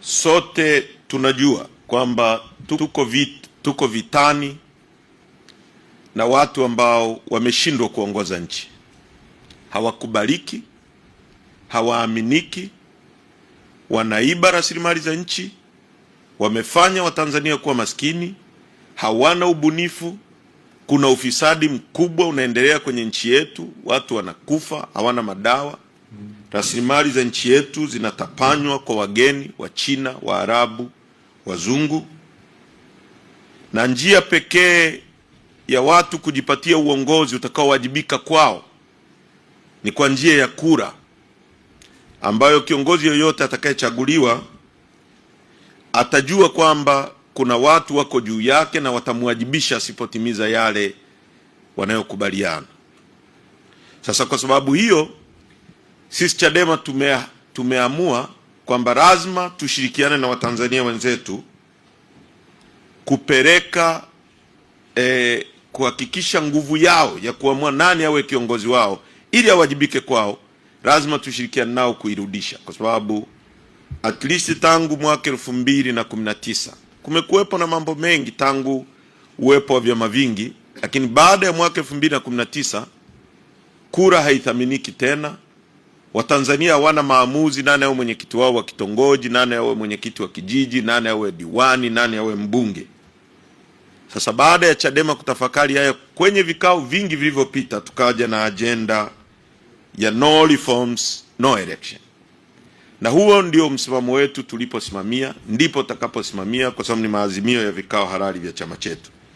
Sote tunajua kwamba tuko, vit, tuko vitani na watu ambao wameshindwa kuongoza nchi, hawakubaliki, hawaaminiki, wanaiba rasilimali za nchi, wamefanya Watanzania kuwa maskini, hawana ubunifu. Kuna ufisadi mkubwa unaendelea kwenye nchi yetu, watu wanakufa, hawana madawa. Rasilimali za nchi yetu zinatapanywa kwa wageni wa China, wa arabu wazungu, na njia pekee ya watu kujipatia uongozi utakaowajibika kwao ni kwa njia ya kura, ambayo kiongozi yoyote atakayechaguliwa atajua kwamba kuna watu wako juu yake na watamwajibisha asipotimiza yale wanayokubaliana. Sasa kwa sababu hiyo sisi Chadema tumea, tumeamua kwamba lazima tushirikiane na Watanzania wenzetu kupeleka eh, kuhakikisha nguvu yao ya kuamua nani awe kiongozi wao ili awajibike kwao, lazima tushirikiane nao kuirudisha, kwa sababu at least tangu mwaka elfu mbili na kumi na tisa kumekuwepo na mambo mengi tangu uwepo wa vyama vingi, lakini baada ya mwaka elfu mbili na kumi na tisa kura haithaminiki tena. Watanzania hawana maamuzi, nani awe mwenyekiti wao wa kitongoji, nani awe mwenyekiti wa kijiji, nani awe diwani, nani awe mbunge. Sasa baada ya Chadema kutafakari haya kwenye vikao vingi vilivyopita, tukaja na ajenda ya no reforms, no election, na huo ndio msimamo wetu. Tuliposimamia ndipo takaposimamia, kwa sababu ni maazimio ya vikao halali vya chama chetu.